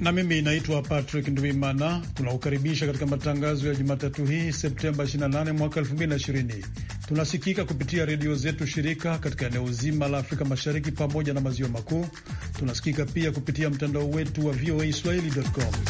na mimi naitwa Patrick Ndwimana. Tunakukaribisha katika matangazo ya Jumatatu hii Septemba 28 mwaka 2020. Tunasikika kupitia redio zetu shirika katika eneo zima la Afrika Mashariki pamoja na maziwa makuu. Tunasikika pia kupitia mtandao wetu wa voa swahili.com.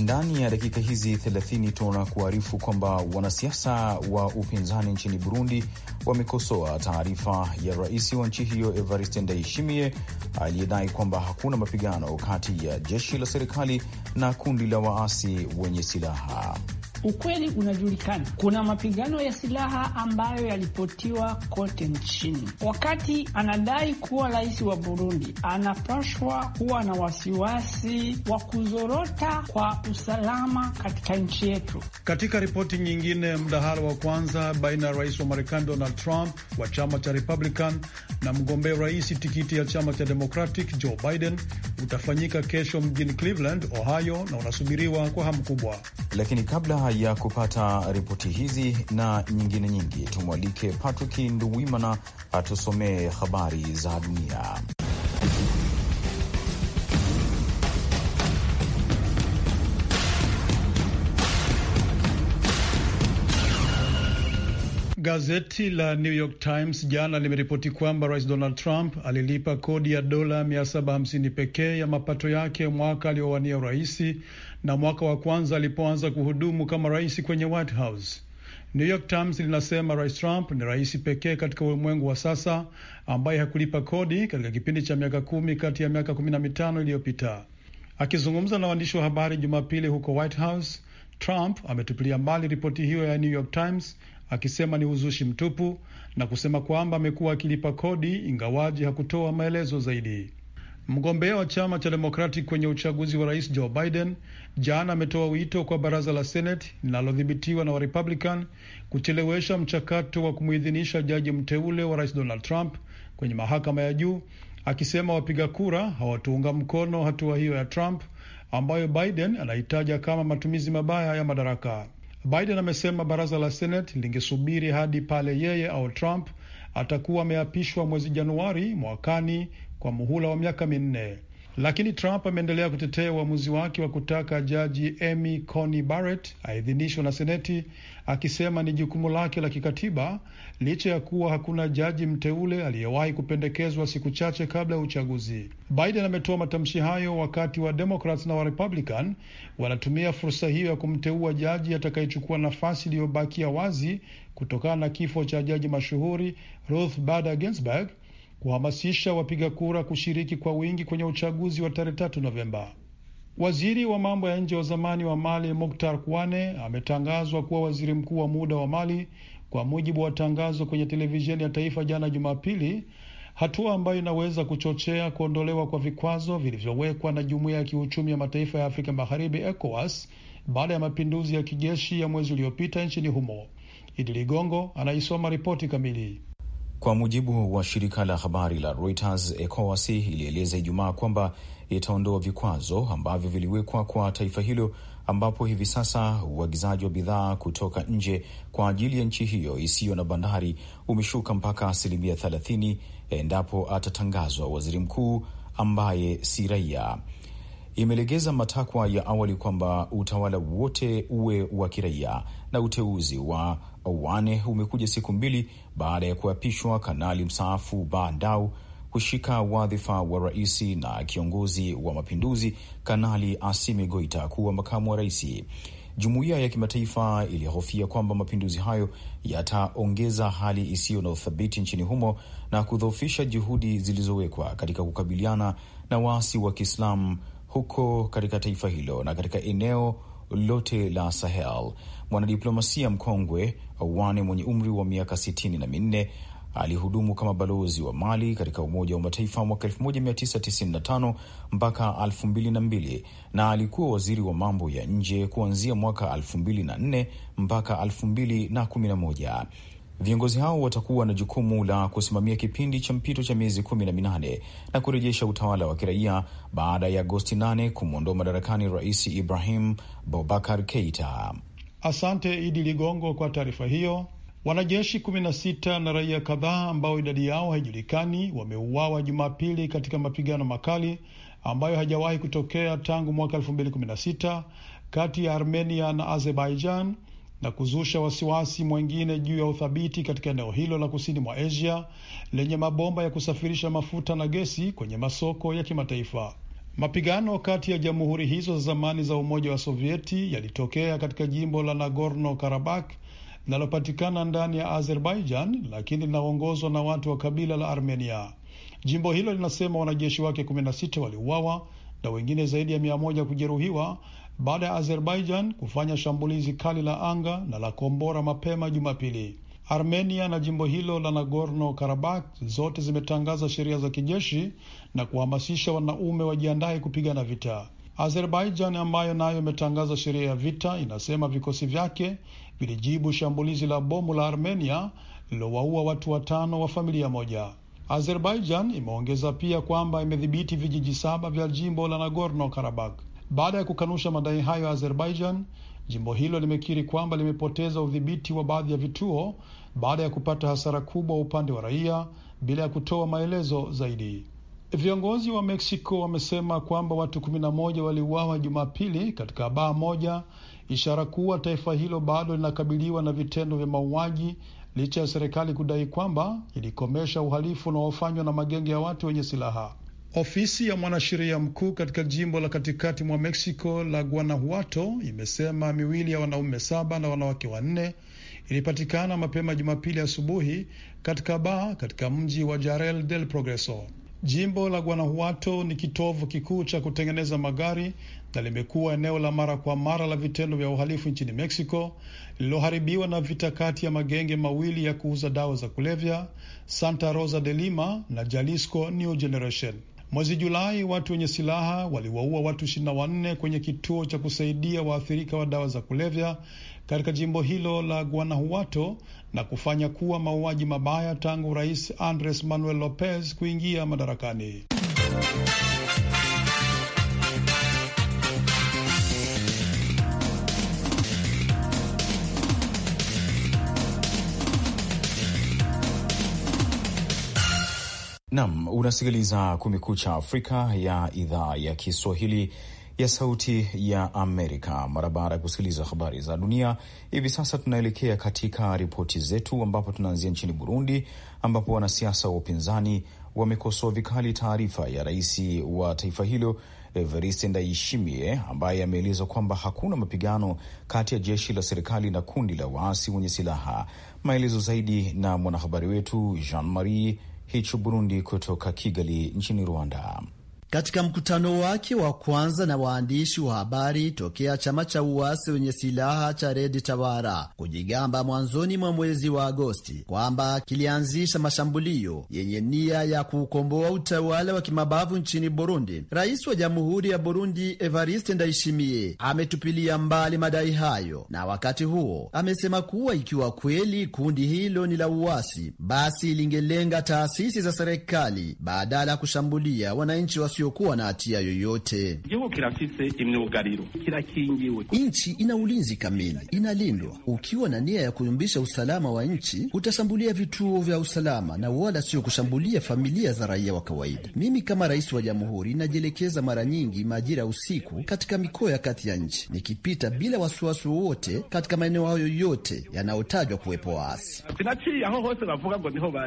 Ndani ya dakika hizi 30 tunakuarifu kwamba wanasiasa wa upinzani nchini Burundi wamekosoa taarifa ya rais wa nchi hiyo Evariste Ndayishimiye aliyedai kwamba hakuna mapigano kati ya jeshi la serikali na kundi la waasi wenye silaha ukweli unajulikana. Kuna mapigano ya silaha ambayo yalipotiwa kote nchini. Wakati anadai kuwa rais wa Burundi anapashwa kuwa na wasiwasi wa kuzorota kwa usalama katika nchi yetu. Katika ripoti nyingine, mdahalo wa kwanza baina ya rais wa Marekani Donald Trump wa chama cha Republican na mgombea rais tikiti ya chama cha Democratic Joe Biden utafanyika kesho mjini Cleveland, Ohio, na unasubiriwa kwa hamu kubwa, lakini kabla ya kupata ripoti hizi na nyingine nyingi, tumwalike Patrick Nduwimana atusomee habari za dunia. Gazeti la New York Times jana limeripoti kwamba Rais Donald Trump alilipa kodi ya dola 750 pekee ya mapato yake mwaka aliowania uraisi na mwaka wa kwanza alipoanza kuhudumu kama rais kwenye White House. New York Times linasema Rais Trump ni rais pekee katika ulimwengu wa sasa ambaye hakulipa kodi katika kipindi cha miaka kumi kati ya miaka kumi na mitano iliyopita. Akizungumza na waandishi wa habari Jumapili huko White House, Trump ametupilia mbali ripoti hiyo ya New York Times akisema ni uzushi mtupu na kusema kwamba amekuwa akilipa kodi ingawaji hakutoa maelezo zaidi. Mgombea wa chama cha Demokratic kwenye uchaguzi wa rais Joe Biden jana ametoa wito kwa baraza la Senate linalodhibitiwa na Warepublican kuchelewesha mchakato wa kumwidhinisha jaji mteule wa rais Donald Trump kwenye mahakama ya juu, akisema wapiga kura hawatuunga mkono hatua hiyo ya Trump ambayo Biden anaitaja kama matumizi mabaya ya madaraka. Biden amesema baraza la Senate lingesubiri hadi pale yeye au Trump atakuwa ameapishwa mwezi Januari mwakani kwa muhula wa miaka minne, lakini Trump ameendelea kutetea uamuzi wake wa kutaka jaji Amy Coney Barrett aidhinishwe na Seneti, akisema ni jukumu lake la kikatiba, licha ya kuwa hakuna jaji mteule aliyewahi kupendekezwa siku chache kabla ya uchaguzi. Biden ametoa matamshi hayo wakati wa Democrats na wa Republican wanatumia fursa hiyo ya kumteua jaji atakayechukua nafasi iliyobakia wazi kutokana na kifo cha jaji mashuhuri Ruth Bader Ginsburg kuhamasisha wapiga kura kushiriki kwa wingi kwenye uchaguzi wa tarehe tatu Novemba. Waziri wa mambo ya nje wa zamani wa Mali Moktar Kwane ametangazwa kuwa waziri mkuu wa muda wa Mali kwa mujibu wa tangazo kwenye televisheni ya taifa jana Jumapili, hatua ambayo inaweza kuchochea kuondolewa kwa vikwazo vilivyowekwa na jumuiya ya kiuchumi ya mataifa ya Afrika Magharibi, ECOWAS, baada ya mapinduzi ya kijeshi ya mwezi uliopita nchini humo. Idi Ligongo anaisoma ripoti kamili. Kwa mujibu wa shirika la habari la Reuters, ECOWAS ilieleza Ijumaa kwamba itaondoa vikwazo ambavyo viliwekwa kwa taifa hilo ambapo hivi sasa uagizaji wa bidhaa kutoka nje kwa ajili ya nchi hiyo isiyo na bandari umeshuka mpaka asilimia 30 endapo atatangazwa waziri mkuu ambaye si raia. Imelegeza matakwa ya awali kwamba utawala wote uwe wa kiraia na uteuzi wa Owane umekuja siku mbili baada ya kuapishwa kanali mstaafu Ba kushika wadhifa wa rais na kiongozi wa mapinduzi Kanali Asimi Goita kuwa makamu wa rais. Jumuiya ya kimataifa ilihofia kwamba mapinduzi hayo yataongeza hali isiyo na uthabiti nchini humo na kudhoofisha juhudi zilizowekwa katika kukabiliana na waasi wa Kiislamu huko katika taifa hilo na katika eneo lote la Sahel. Mwanadiplomasia mkongwe Wane mwenye umri wa miaka sitini na minne alihudumu kama balozi wa Mali katika Umoja wa Mataifa mwaka 1995 mpaka 2002 na alikuwa waziri wa mambo ya nje kuanzia mwaka 2004 mpaka 2011. Viongozi hao watakuwa na jukumu la kusimamia kipindi cha mpito cha miezi kumi na minane na kurejesha utawala wa kiraia baada ya Agosti 8 kumwondoa madarakani Rais Ibrahim bobakar Keita. Asante Idi Ligongo kwa taarifa hiyo. Wanajeshi 16 na raia kadhaa ambao idadi yao haijulikani wameuawa Jumapili katika mapigano makali ambayo hajawahi kutokea tangu mwaka 2016 kati ya Armenia na Azerbaijan na kuzusha wasiwasi mwengine juu ya uthabiti katika eneo hilo la kusini mwa Asia lenye mabomba ya kusafirisha mafuta na gesi kwenye masoko ya kimataifa. Mapigano kati ya jamhuri hizo za zamani za Umoja wa Sovieti yalitokea katika jimbo la Nagorno Karabakh linalopatikana ndani ya Azerbaijan lakini linaongozwa na watu wa kabila la Armenia. Jimbo hilo linasema wanajeshi wake 16 waliuawa na wengine zaidi ya mia moja kujeruhiwa baada ya Azerbaijan kufanya shambulizi kali la anga na la kombora mapema Jumapili. Armenia na jimbo hilo la Nagorno Karabakh zote zimetangaza sheria za kijeshi na kuhamasisha wanaume wajiandaye kupigana vita. Azerbaijan ambayo nayo imetangaza sheria ya vita inasema vikosi vyake vilijibu shambulizi la bomu la Armenia lililowaua watu watano wa familia moja. Azerbaijan imeongeza pia kwamba imedhibiti vijiji saba vya jimbo la Nagorno Karabakh. Baada ya kukanusha madai hayo ya Azerbaijan, jimbo hilo limekiri kwamba limepoteza udhibiti wa baadhi ya vituo baada ya kupata hasara kubwa upande wa raia bila ya kutoa maelezo zaidi. Viongozi wa Meksiko wamesema kwamba watu kumi na moja waliuawa Jumapili katika baa moja, ishara kuwa taifa hilo bado linakabiliwa na vitendo vya mauaji licha ya serikali kudai kwamba ilikomesha uhalifu unaofanywa na magenge ya watu wenye silaha. Ofisi ya mwanasheria mkuu katika jimbo la katikati mwa Meksiko la Guanajuato imesema miwili ya wanaume saba na wanawake wanne ilipatikana mapema Jumapili asubuhi katika baa katika mji wa Jarel del Progreso. Jimbo la Guanajuato ni kitovu kikuu cha kutengeneza magari na limekuwa eneo la mara kwa mara la vitendo vya uhalifu nchini Meksiko, lililoharibiwa na vita kati ya magenge mawili ya kuuza dawa za kulevya, Santa Rosa de Lima na Jalisco New Generation. Mwezi Julai watu wenye silaha waliwaua watu 24 kwenye kituo cha kusaidia waathirika wa dawa za kulevya katika jimbo hilo la Guanajuato na kufanya kuwa mauaji mabaya tangu Rais Andres Manuel Lopez kuingia madarakani. Nam unasikiliza Kumekucha Afrika ya idhaa ya Kiswahili ya Sauti ya Amerika. Mara baada ya kusikiliza habari za dunia, hivi sasa tunaelekea katika ripoti zetu, ambapo tunaanzia nchini Burundi, ambapo wanasiasa wa upinzani wamekosoa vikali taarifa ya rais wa taifa hilo Evariste Ndayishimiye ambaye ameeleza kwamba hakuna mapigano kati ya jeshi la serikali na kundi la waasi wenye silaha. Maelezo zaidi na mwanahabari wetu Jean Marie hicho Burundi kutoka Kigali nchini Rwanda. Katika mkutano wake wa kwanza na waandishi wa habari tokea chama cha uasi wenye silaha cha Redi Tawara kujigamba mwanzoni mwa mwezi wa Agosti kwamba kilianzisha mashambulio yenye nia ya kuukomboa utawala wa kimabavu nchini Burundi, rais wa jamhuri ya Burundi Evariste Ndayishimiye ametupilia mbali madai hayo, na wakati huo amesema kuwa ikiwa kweli kundi hilo ni la uasi, basi lingelenga taasisi za serikali badala ya kushambulia wananchi wa isiyokuwa na hatia yoyote. Nchi ina ulinzi kamili, inalindwa. Ukiwa na nia ya kuyumbisha usalama wa nchi, utashambulia vituo vya usalama na wala sio kushambulia familia za raia wa kawaida. Mimi kama rais wa jamhuri najielekeza mara nyingi majira ya usiku katika mikoa ya kati ya nchi, nikipita bila wasiwasi wowote katika maeneo hayo yote yanayotajwa kuwepo waasi.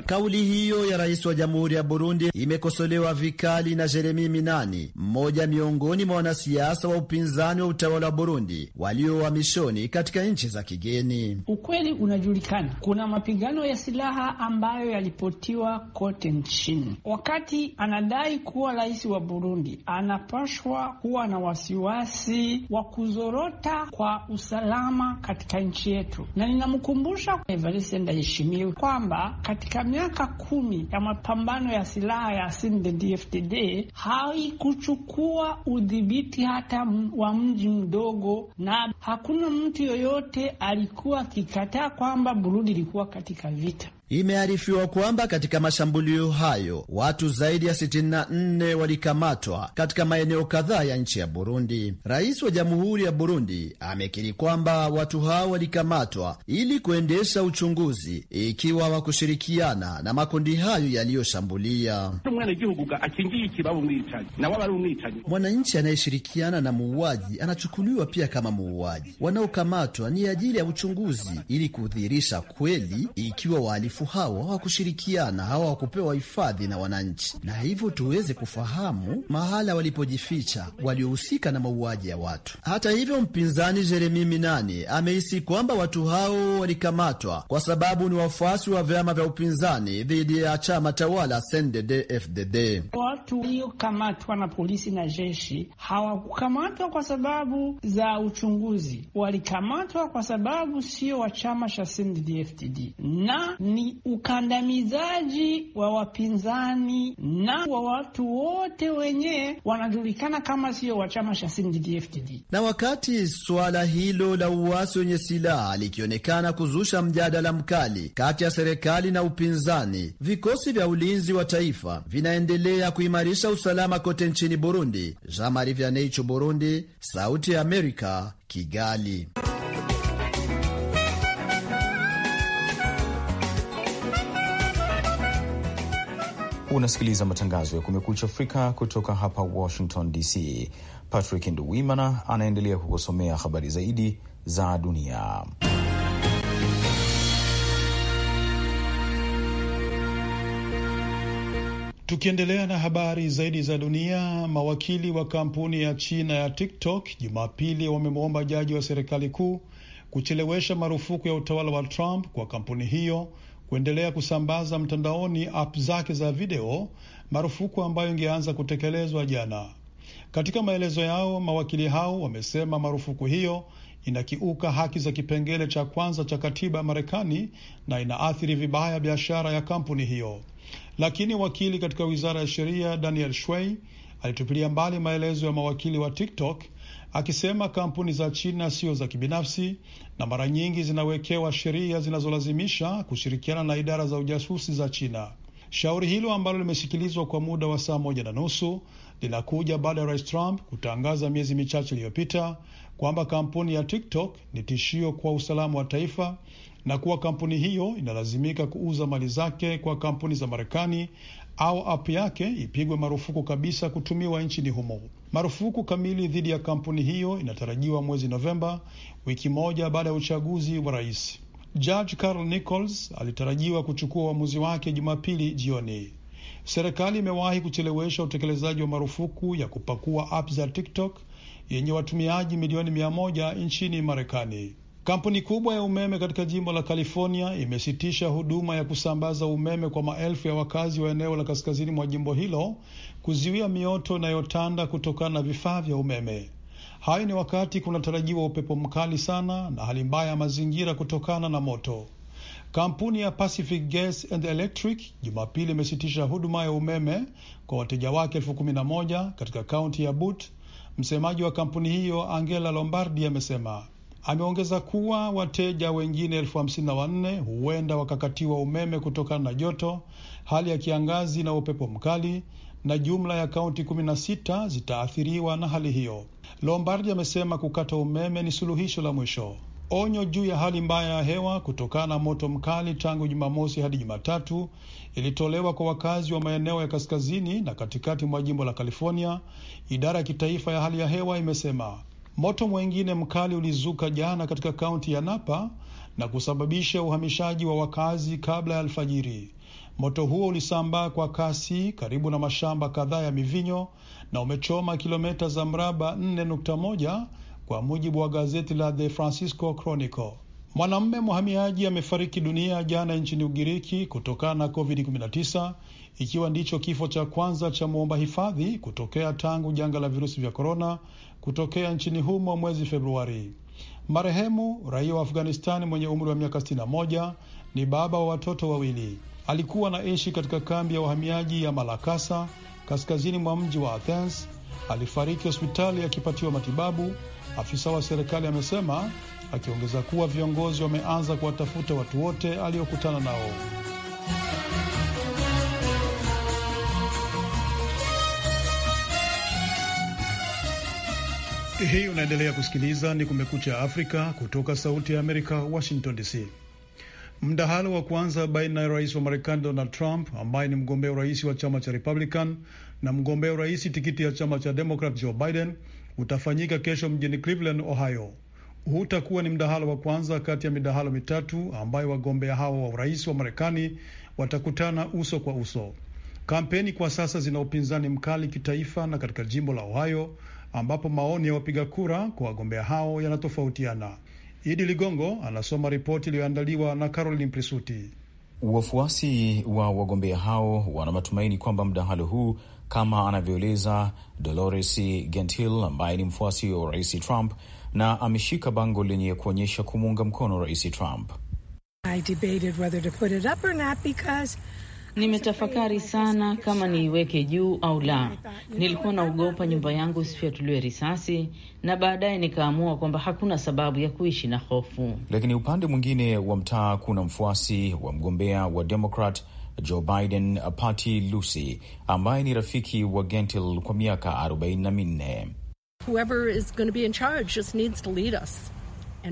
Kauli hiyo ya rais wa jamhuri ya Burundi imekosolewa vikali na Jeremi Miminani, mmoja miongoni mwa wanasiasa wa upinzani wa utawala wa Burundi walio uhamishoni katika nchi za kigeni. Ukweli unajulikana, kuna mapigano ya silaha ambayo yalipotiwa kote nchini. Wakati anadai kuwa rais wa Burundi anapashwa kuwa na wasiwasi wa kuzorota kwa usalama katika nchi yetu, na ninamkumbusha Evariste Ndayishimiye kwamba katika miaka kumi ya mapambano ya silaha ya CNDD-FDD haikuchukua udhibiti hata wa mji mdogo, na hakuna mtu yoyote alikuwa akikataa kwamba Burundi ilikuwa katika vita. Imearifiwa kwamba katika mashambulio hayo watu zaidi ya 64 walikamatwa katika maeneo kadhaa ya nchi ya Burundi. Rais wa Jamhuri ya Burundi amekiri kwamba watu hao walikamatwa ili kuendesha uchunguzi ikiwa wakushirikiana na makundi hayo yaliyoshambulia. Mwananchi anayeshirikiana na muuaji anachukuliwa pia kama muuaji. Wanaokamatwa ni ajili ya uchunguzi ili kudhihirisha kweli ikiwa wali wahalifu hao hawakushirikiana, hawakupewa hifadhi na wananchi, na hivyo tuweze kufahamu mahala walipojificha waliohusika na mauaji ya watu. Hata hivyo, mpinzani Jeremi Minani amehisi kwamba watu hao walikamatwa kwa sababu ni wafuasi wa vyama vya upinzani dhidi ya chama tawala CNDD-FDD. Watu waliokamatwa na polisi na jeshi hawakukamatwa kwa sababu za uchunguzi, walikamatwa kwa sababu sio wa chama cha CNDD-FDD na ni ni ukandamizaji wa wapinzani na wa watu wote wenyewe wanajulikana kama sio wa chama cha CNDD-FDD. Na wakati suala hilo la uasi wenye silaha likionekana kuzusha mjadala mkali kati ya serikali na upinzani, vikosi vya ulinzi wa taifa vinaendelea kuimarisha usalama kote nchini Burundi. Jean Marie Vianney, Burundi, Sauti ya Amerika, Kigali. Unasikiliza matangazo ya Kumekucha Afrika kutoka hapa Washington DC. Patrick Nduwimana anaendelea kukusomea habari zaidi za dunia. Tukiendelea na habari zaidi za dunia, mawakili wa kampuni ya China ya TikTok Jumapili wamemwomba jaji wa serikali kuu kuchelewesha marufuku ya utawala wa Trump kwa kampuni hiyo kuendelea kusambaza mtandaoni app zake za video, marufuku ambayo ingeanza kutekelezwa jana. Katika maelezo yao, mawakili hao wamesema marufuku hiyo inakiuka haki za kipengele cha kwanza cha katiba ya Marekani na inaathiri vibaya biashara ya kampuni hiyo. Lakini wakili katika wizara ya sheria Daniel Shwei alitupilia mbali maelezo ya mawakili wa TikTok akisema kampuni za China sio za kibinafsi na mara nyingi zinawekewa sheria zinazolazimisha kushirikiana na idara za ujasusi za China. Shauri hilo ambalo limesikilizwa kwa muda wa saa moja na nusu linakuja baada ya rais Trump kutangaza miezi michache iliyopita kwamba kampuni ya TikTok ni tishio kwa usalama wa taifa na kuwa kampuni hiyo inalazimika kuuza mali zake kwa kampuni za Marekani au app yake ipigwe marufuku kabisa kutumiwa nchini humo. Marufuku kamili dhidi ya kampuni hiyo inatarajiwa mwezi Novemba, wiki moja baada ya uchaguzi wa rais. Judge Carl Nichols alitarajiwa kuchukua uamuzi wake Jumapili jioni. Serikali imewahi kuchelewesha utekelezaji wa marufuku ya kupakua app za TikTok yenye watumiaji milioni mia moja nchini Marekani. Kampuni kubwa ya umeme katika jimbo la California imesitisha huduma ya kusambaza umeme kwa maelfu ya wakazi wa eneo la kaskazini mwa jimbo hilo kuzuia mioto inayotanda kutokana na vifaa vya umeme. Hayo ni wakati kunatarajiwa upepo mkali sana na hali mbaya ya mazingira kutokana na moto. Kampuni ya Pacific Gas and Electric Jumapili imesitisha huduma ya umeme kwa wateja wake elfu kumi na moja katika kaunti ya Butte. Msemaji wa kampuni hiyo Angela Lombardi amesema Ameongeza kuwa wateja wengine elfu hamsini na wanne huenda wakakatiwa umeme kutokana na joto, hali ya kiangazi na upepo mkali, na jumla ya kaunti kumi na sita zitaathiriwa na hali hiyo. Lombardi amesema kukata umeme ni suluhisho la mwisho. Onyo juu ya hali mbaya ya hewa kutokana na moto mkali tangu Jumamosi hadi Jumatatu ilitolewa kwa wakazi wa maeneo ya kaskazini na katikati mwa jimbo la California. Idara ya kitaifa ya hali ya hewa imesema Moto mwengine mkali ulizuka jana katika kaunti ya Napa na kusababisha uhamishaji wa wakazi kabla ya alfajiri. Moto huo ulisambaa kwa kasi karibu na mashamba kadhaa ya mivinyo na umechoma kilomita za mraba 4.1 kwa mujibu wa gazeti la The Francisco Chronicle. Mwanamume mhamiaji amefariki dunia jana nchini Ugiriki kutokana na COVID-19 ikiwa ndicho kifo cha kwanza cha mwomba hifadhi kutokea tangu janga la virusi vya korona kutokea nchini humo mwezi Februari. Marehemu raia wa Afghanistani mwenye umri wa miaka 61 ni baba wa watoto wawili. Alikuwa anaishi katika kambi ya wahamiaji ya Malakasa kaskazini mwa mji wa Athens. Alifariki hospitali akipatiwa matibabu, afisa wa serikali amesema, akiongeza kuwa viongozi wameanza kuwatafuta watu wote aliokutana nao. Hii unaendelea kusikiliza ni Kumekucha Afrika kutoka Sauti ya Amerika, Washington DC. Mdahalo wa kwanza baina ya rais wa Marekani Donald Trump ambaye ni mgombea urais wa chama cha Republican na mgombea urais tikiti ya chama cha Democrat Joe Biden utafanyika kesho mjini Cleveland, Ohio. huu utakuwa ni mdahalo wa kwanza kati ya midahalo mitatu ambayo wagombea hao wa urais wa Marekani watakutana uso kwa uso. Kampeni kwa sasa zina upinzani mkali kitaifa na katika jimbo la Ohio ambapo maoni ya wapiga kura kwa wagombea hao yanatofautiana. Idi Ligongo anasoma ripoti iliyoandaliwa na Caroline Prisuti. Wafuasi wa wagombea hao wana matumaini kwamba mdahalo huu, kama anavyoeleza Dolores Gentil ambaye ni mfuasi wa Rais Trump na ameshika bango lenye kuonyesha kumuunga mkono Rais Trump. I debated whether to put it up or not because Nimetafakari sana kama niiweke juu au la. Nilikuwa naogopa nyumba yangu isifyatuliwe risasi, na baadaye nikaamua kwamba hakuna sababu ya kuishi na hofu. Lakini upande mwingine wa mtaa, kuna mfuasi wa mgombea wa Democrat Joe Biden, Patty Lucy, ambaye ni rafiki wa Gentil kwa miaka 44.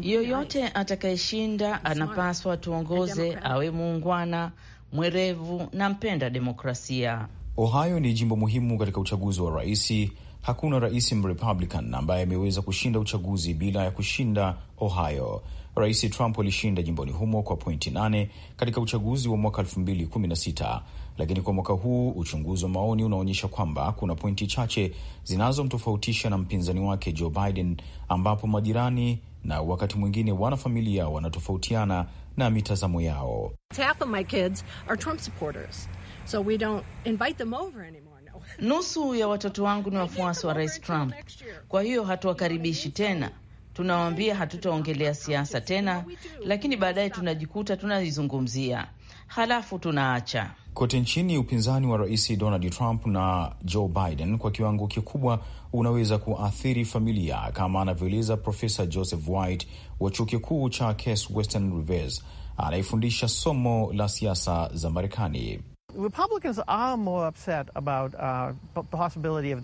Yoyote atakayeshinda anapaswa tuongoze, awe muungwana mwerevu na mpenda demokrasia. Ohio ni jimbo muhimu katika uchaguzi wa raisi. Hakuna rais Mrepublican ambaye ameweza kushinda uchaguzi bila ya kushinda Ohio. Rais Trump alishinda jimboni humo kwa pointi nane katika uchaguzi wa mwaka 2016 lakini kwa mwaka huu uchunguzi wa maoni unaonyesha kwamba kuna pointi chache zinazomtofautisha na mpinzani wake Joe Biden, ambapo majirani na wakati mwingine wanafamilia wanatofautiana na mitazamo yao. Nusu ya watoto wangu ni wafuasi wa Rais Trump, kwa hiyo hatuwakaribishi tena. Tunawaambia hatutaongelea siasa tena, lakini baadaye tunajikuta tunaizungumzia halafu tunaacha. Kote nchini upinzani wa rais Donald Trump na Joe Biden kwa kiwango kikubwa unaweza kuathiri familia, kama anavyoeleza Profesa Joseph White wa chuo kikuu cha Case Western Reserve anayefundisha somo la siasa za Marekani. Republicans are more upset about, uh, possibility of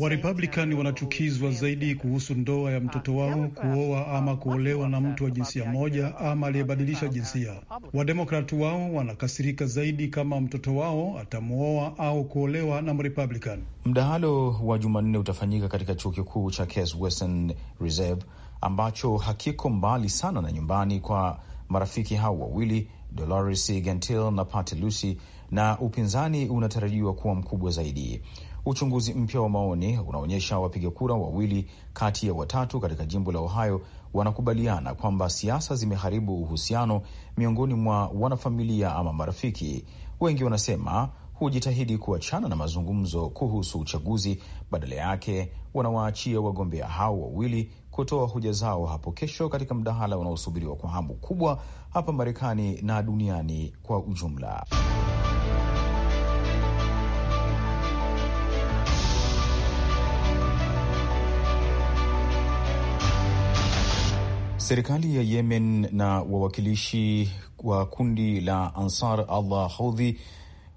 Warepublikani wanachukizwa zaidi kuhusu ndoa ya mtoto ah, wao kuoa ama kuolewa na mtu wa jinsia moja ama aliyebadilisha jinsia. Wademokrati wao wanakasirika zaidi kama mtoto wao atamwoa au kuolewa na Mrepublican. Mdahalo wa Jumanne utafanyika katika chuo kikuu cha Case Western Reserve ambacho hakiko mbali sana na nyumbani kwa marafiki hao wawili Dolores gentil na Patty Lucy, na upinzani unatarajiwa kuwa mkubwa zaidi. Uchunguzi mpya wa maoni unaonyesha wapiga kura wawili kati ya watatu katika jimbo la Ohio wanakubaliana kwamba siasa zimeharibu uhusiano miongoni mwa wanafamilia ama marafiki. Wengi wanasema hujitahidi kuachana na mazungumzo kuhusu uchaguzi, badala yake wanawaachia wagombea hao wawili kutoa hoja zao hapo kesho katika mdahala unaosubiriwa kwa hamu kubwa hapa Marekani na duniani kwa ujumla. Serikali ya Yemen na wawakilishi wa kundi la Ansar Allah Houthi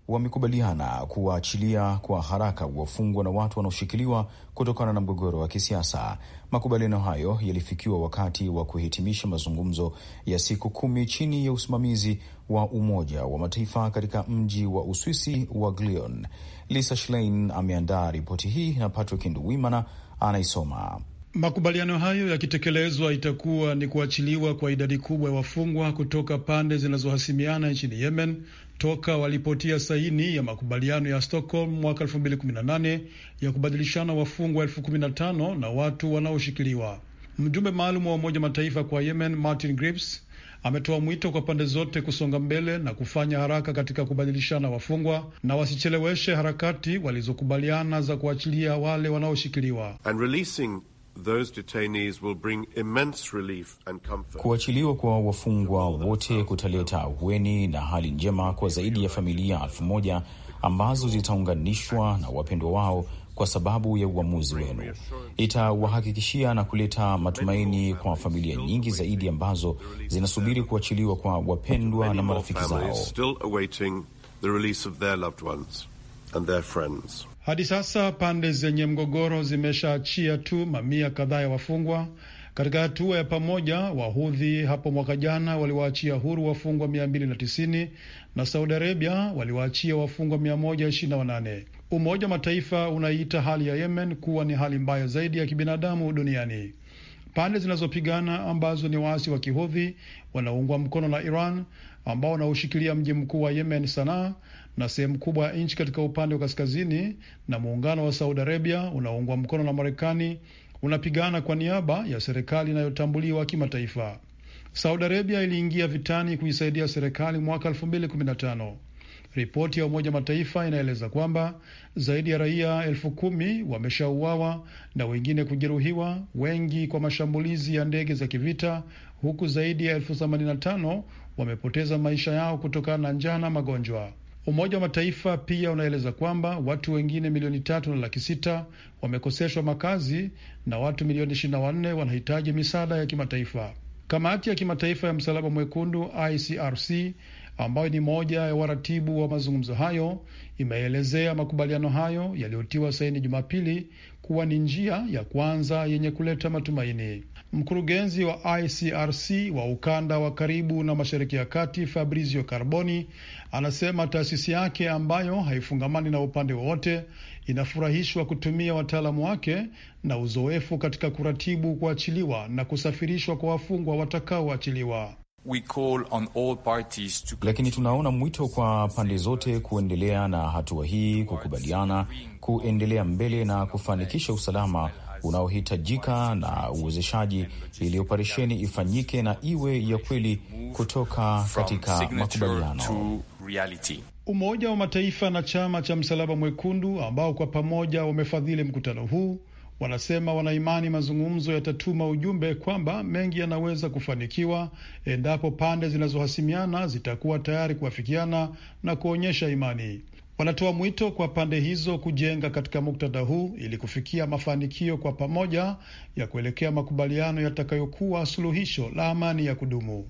wamekubaliana kuwaachilia kwa haraka wafungwa na watu wanaoshikiliwa kutokana na mgogoro wa kisiasa. Makubaliano hayo yalifikiwa wakati wa kuhitimisha mazungumzo ya siku kumi chini ya usimamizi wa Umoja wa Mataifa katika mji wa Uswisi wa Glion. Lisa Schlein ameandaa ripoti hii na Patrick Nduwimana anaisoma. Makubaliano hayo yakitekelezwa, itakuwa ni kuachiliwa kwa idadi kubwa ya wafungwa kutoka pande zinazohasimiana nchini Yemen toka walipotia saini ya makubaliano ya Stockholm mwaka 2018 ya kubadilishana wafungwa elfu na na watu wanaoshikiliwa. Mjumbe maalum wa Umoja Mataifa kwa Yemen Martin Grips ametoa mwito kwa pande zote kusonga mbele na kufanya haraka katika kubadilishana wafungwa na wasicheleweshe harakati walizokubaliana za kuachilia wale wanaoshikiliwa. And releasing Kuachiliwa kwa wafungwa wote kutaleta ahueni na hali njema kwa zaidi ya familia elfu moja ambazo zitaunganishwa na wapendwa wao kwa sababu ya uamuzi wenu. Itawahakikishia na kuleta matumaini kwa familia nyingi zaidi ambazo zinasubiri kuachiliwa kwa wapendwa na marafiki zao. Hadi sasa pande zenye mgogoro zimeshaachia tu mamia kadhaa ya wafungwa. Katika hatua ya pamoja, Wahudhi hapo mwaka jana waliwaachia huru wafungwa 290 na Saudi Arabia waliwaachia wafungwa 128. Umoja wa Mataifa unaiita hali ya Yemen kuwa ni hali mbaya zaidi ya kibinadamu duniani. Pande zinazopigana ambazo ni waasi wa Kihudhi wanaoungwa mkono na Iran ambao wanaoshikilia mji mkuu wa Yemen, Sanaa, na sehemu kubwa ya nchi katika upande wa kaskazini, na muungano wa Saudi Arabia unaoungwa mkono na Marekani unapigana kwa niaba ya serikali inayotambuliwa kimataifa. Saudi Arabia iliingia vitani kuisaidia serikali mwaka 2015. Ripoti ya Umoja Mataifa inaeleza kwamba zaidi ya raia elfu kumi wameshauawa na wengine kujeruhiwa, wengi kwa mashambulizi ya ndege za kivita, huku zaidi ya elfu themanini na tano wamepoteza maisha yao kutokana na njaa na magonjwa. Umoja wa Mataifa pia unaeleza kwamba watu wengine milioni tatu na laki sita wamekoseshwa makazi na watu milioni ishirini na wanne wanahitaji misaada ya kimataifa. Kamati ya kimataifa ya Msalaba Mwekundu ICRC ambayo ni moja ya waratibu wa mazungumzo hayo imeelezea makubaliano hayo yaliyotiwa saini Jumapili kuwa ni njia ya kwanza yenye kuleta matumaini. Mkurugenzi wa ICRC wa ukanda wa karibu na mashariki ya kati Fabrizio Carboni anasema taasisi yake ambayo haifungamani na upande wowote inafurahishwa kutumia wataalamu wake na uzoefu katika kuratibu kuachiliwa na kusafirishwa kwa wafungwa watakaoachiliwa. We call on all parties to... Lakini tunaona mwito kwa pande zote kuendelea na hatua hii, kukubaliana kuendelea mbele na kufanikisha usalama unaohitajika na uwezeshaji ili operesheni ifanyike na iwe ya kweli kutoka katika makubaliano. Umoja wa Mataifa na chama cha Msalaba Mwekundu ambao kwa pamoja wamefadhili mkutano huu wanasema wanaimani mazungumzo yatatuma ujumbe kwamba mengi yanaweza kufanikiwa endapo pande zinazohasimiana zitakuwa tayari kuafikiana na kuonyesha imani. Wanatoa mwito kwa pande hizo kujenga katika muktadha huu ili kufikia mafanikio kwa pamoja ya kuelekea makubaliano yatakayokuwa suluhisho la amani ya kudumu.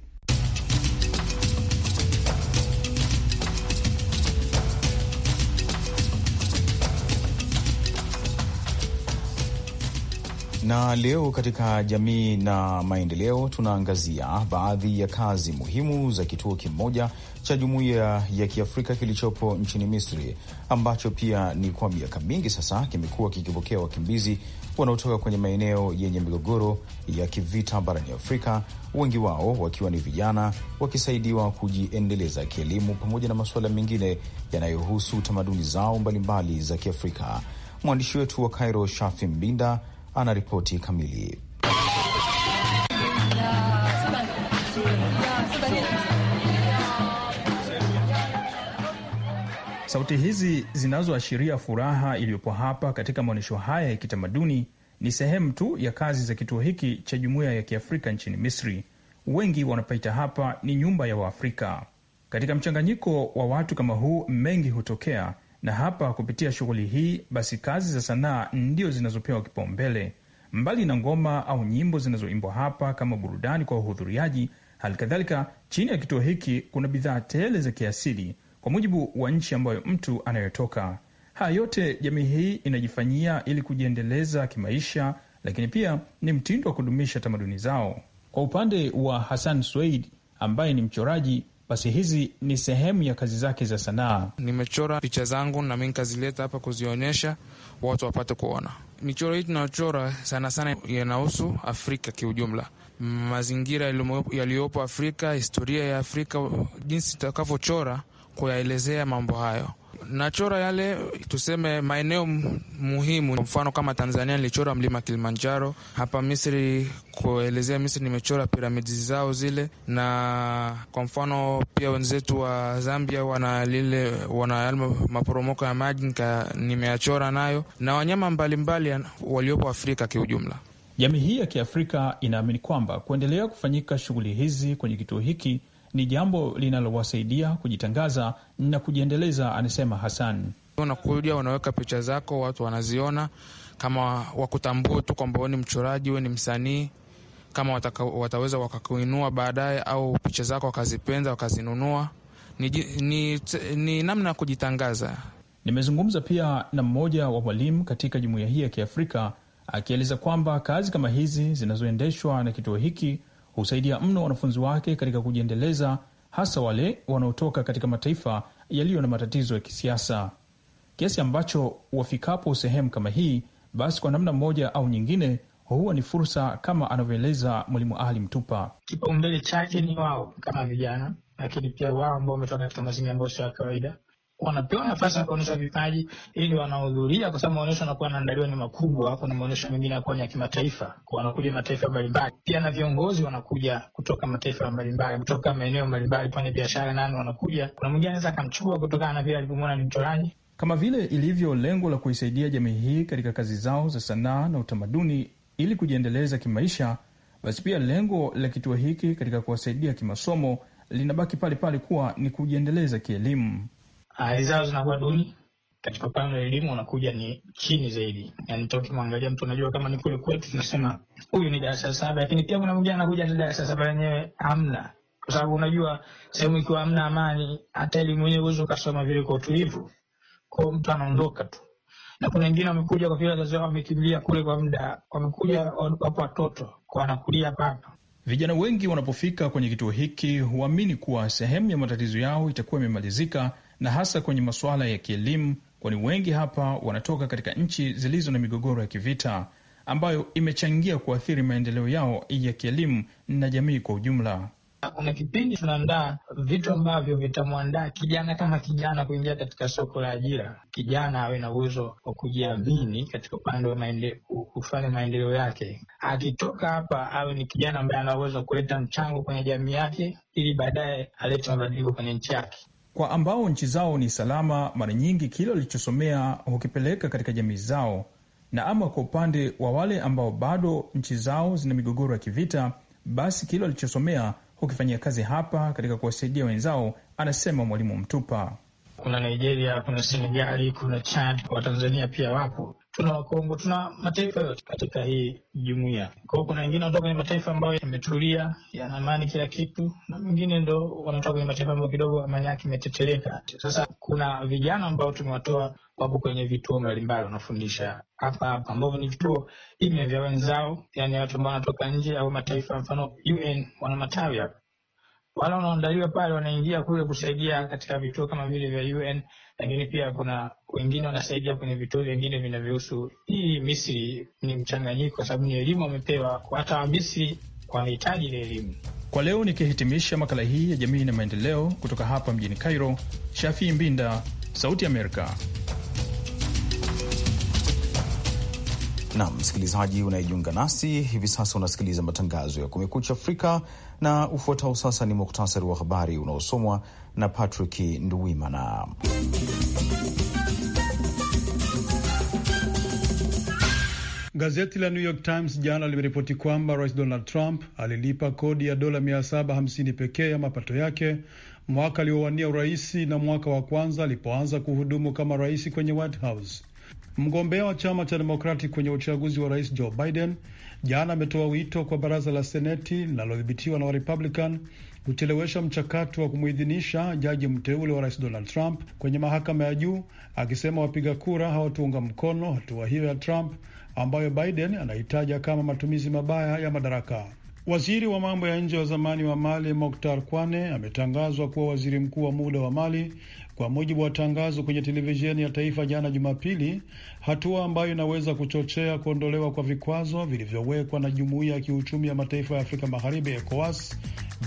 Na leo katika jamii na maendeleo tunaangazia baadhi ya kazi muhimu za kituo kimoja cha jumuiya ya Kiafrika kilichopo nchini Misri, ambacho pia ni kwa miaka mingi sasa kimekuwa kikipokea wakimbizi wanaotoka kwenye maeneo yenye migogoro ya kivita barani Afrika, wengi wao wakiwa ni vijana, wakisaidiwa kujiendeleza kielimu pamoja na masuala mengine yanayohusu tamaduni zao mbalimbali za Kiafrika. Mwandishi wetu wa Kairo, Shafi Mbinda, ana ripoti kamili. Sauti hizi zinazoashiria furaha iliyopo hapa katika maonyesho haya ya kitamaduni ni sehemu tu ya kazi za kituo hiki cha jumuiya ya Kiafrika nchini Misri. Wengi wanapaita hapa ni nyumba ya Waafrika. Katika mchanganyiko wa watu kama huu, mengi hutokea, na hapa kupitia shughuli hii, basi kazi za sanaa ndio zinazopewa kipaumbele. Mbali na ngoma au nyimbo zinazoimbwa hapa kama burudani kwa wahudhuriaji, hali kadhalika chini ya kituo hiki kuna bidhaa tele za kiasili kwa mujibu wa nchi ambayo mtu anayotoka. Haya yote jamii hii inajifanyia ili kujiendeleza kimaisha, lakini pia ni mtindo wa kudumisha tamaduni zao. Kwa upande wa Hassan Sweid ambaye ni mchoraji, basi hizi ni sehemu ya kazi zake za sanaa. Nimechora picha zangu na mi nikazileta hapa kuzionyesha watu wapate kuona. Michoro hii tunayochora sana sana yanahusu Afrika kiujumla, mazingira yaliyopo Afrika, historia ya Afrika, jinsi tutakavyochora kuyaelezea mambo hayo. Nachora yale tuseme maeneo muhimu, kwa mfano kama Tanzania nilichora mlima Kilimanjaro, hapa Misri kuelezea Misri nimechora piramidi zao zile, na kwa mfano pia wenzetu wa Zambia wana lile wana maporomoko ya maji nimeyachora nayo, na wanyama mbalimbali waliopo Afrika kiujumla. Jamii hii ya Kiafrika inaamini kwamba kuendelea kufanyika shughuli hizi kwenye kituo hiki ni jambo linalowasaidia kujitangaza na kujiendeleza, anasema Hasan. Unakuja unaweka picha zako, watu wanaziona, kama wakutambua tu kwamba we ni mchoraji, we ni msanii, kama wataka, wataweza wakakuinua baadaye, au picha zako wakazipenda, wakazinunua. Ni, ni, ni namna ya kujitangaza. Nimezungumza pia na mmoja wa walimu katika jumuiya hii ya Kiafrika akieleza kwamba kazi kama hizi zinazoendeshwa na kituo hiki husaidia mno wanafunzi wake katika kujiendeleza, hasa wale wanaotoka katika mataifa yaliyo na matatizo ya kisiasa, kiasi ambacho wafikapo sehemu kama hii, basi kwa namna moja au nyingine huwa ni fursa, kama anavyoeleza Mwalimu Ali Mtupa. Kipaumbele chake ni wao kama vijana, lakini pia wao ambao wametoka katika mazingira ambayo sio ya kawaida wanapewa nafasi ah, ya kuonyesha vipaji ili wanahudhuria, kwa sababu maonyesho yanakuwa yanaandaliwa ni makubwa. Kuna maonyesho mengine yanakuwa ni ya kimataifa, wanakuja mataifa mbalimbali, pia na viongozi wanakuja kutoka mataifa mbalimbali, kutoka maeneo mbalimbali, fanya biashara nani wanakuja. Kuna mwingine anaweza akamchukua kutokana na vile alivyomwona ni mchoraji. Kama vile ilivyo lengo la kuisaidia jamii hii katika kazi zao za sanaa na utamaduni ili kujiendeleza kimaisha, basi pia lengo la kituo hiki katika kuwasaidia kimasomo linabaki pale pale kuwa ni kujiendeleza kielimu hali ah, zao zinakuwa duni katika upande wa elimu unakuja ni chini zaidi, yani toki mwangalia mtu unajua, kama ni kule kwetu tunasema huyu ni darasa saba, lakini pia kuna mwingine anakuja ni darasa saba lenyewe hamna, kwa sababu unajua sehemu ikiwa hamna amani, hata elimu yenyewe uwezo ukasoma vile kwa utulivu, kwa mtu anaondoka tu. Na kuna wengine wamekuja kwa vile wazazi wao wamekimbilia kule kwa muda, wamekuja wapo watoto kwa wanakulia hapa hapa. Vijana wengi wanapofika kwenye kituo hiki huamini kuwa sehemu ya matatizo yao itakuwa imemalizika na hasa kwenye masuala ya kielimu, kwani wengi hapa wanatoka katika nchi zilizo na migogoro ya kivita ambayo imechangia kuathiri maendeleo yao ya kielimu na jamii kwa ujumla. Kuna kipindi tunaandaa vitu ambavyo vitamwandaa kijana kama kijana kuingia katika soko la ajira, kijana awe na uwezo wa kujiamini katika upande wa maende, kufanya maendeleo yake. Akitoka hapa awe ni kijana ambaye ana uwezo wa kuleta mchango kwenye jamii yake, ili baadaye alete mabadiliko kwenye nchi yake kwa ambao nchi zao ni salama, mara nyingi kile walichosomea hukipeleka katika jamii zao, na ama kwa upande wa wale ambao bado nchi zao zina migogoro ya kivita, basi kile walichosomea hukifanyia kazi hapa katika kuwasaidia wenzao, anasema Mwalimu Mtupa. Kuna Nigeria, kuna Senegali, kuna Chad, Watanzania pia wapo tuna Wakongo, tuna mataifa yote katika hii jumuiya. Kwa hiyo kuna wengine wanatoka kwenye mataifa ambayo yametulia, yana amani kila kitu, na mengine ndo wanatoka kwenye mataifa ambayo kidogo amani yake imeteteleka. Sasa kuna vijana ambao tumewatoa wapo kwenye vituo mbalimbali wanafundisha hapa hapa, ambavyo ni vituo ime vya wenzao, yani watu ambao wanatoka nje au mataifa, mfano UN wana matawi hapa wale wanaondaliwa pale wanaingia kule kusaidia katika vituo kama vile vya UN, lakini pia kuna wengine wanasaidia kwenye vituo vingine vinavyohusu hii. Misri ni mchanganyiko, kwa sababu ni elimu wamepewa, hata Wamisri wanahitaji ile elimu. Kwa leo nikihitimisha makala hii ya jamii na maendeleo kutoka hapa mjini Cairo, Shafii Mbinda, Sauti Amerika. Nam msikilizaji unayejiunga nasi hivi sasa, unasikiliza matangazo ya Kumekucha Afrika na ufuatao sasa ni muktasari wa habari unaosomwa na Patrick Nduwimana. Gazeti la New York Times jana limeripoti kwamba Rais Donald Trump alilipa kodi ya dola 750 pekee ya mapato yake mwaka aliowania uraisi na mwaka wa kwanza alipoanza kuhudumu kama rais kwenye White House. Mgombea wa chama cha demokrati kwenye uchaguzi wa rais Joe Biden jana ametoa wito kwa baraza la Seneti linalodhibitiwa na Warepublican kuchelewesha mchakato wa kumwidhinisha jaji mteule wa rais Donald Trump kwenye mahakama ya juu, akisema wapiga kura hawatuunga mkono hatua hiyo ya Trump ambayo Biden anahitaja kama matumizi mabaya ya madaraka. Waziri wa mambo ya nje wa zamani wa Mali Moktar Kwane ametangazwa kuwa waziri mkuu wa muda wa Mali kwa mujibu wa tangazo kwenye televisheni ya taifa jana Jumapili, hatua ambayo inaweza kuchochea kuondolewa kwa vikwazo vilivyowekwa na jumuiya ya kiuchumi ya mataifa ya Afrika Magharibi, ECOWAS,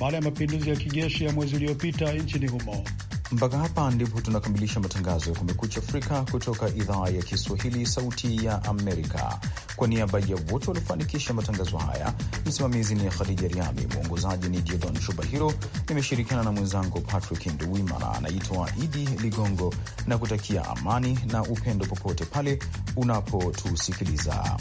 baada ya mapinduzi ya kijeshi ya mwezi uliopita nchini humo. Mpaka hapa ndipo tunakamilisha matangazo ya Kumekucha Afrika kutoka idhaa ya Kiswahili, Sauti ya Amerika. Kwa niaba ya wote waliofanikisha matangazo haya, msimamizi ni Khadija Riami, mwongozaji ni Jidon Shubahiro. Nimeshirikiana na mwenzangu Patrick Nduwimana, anaitwa Idi Ligongo, na kutakia amani na upendo popote pale unapotusikiliza.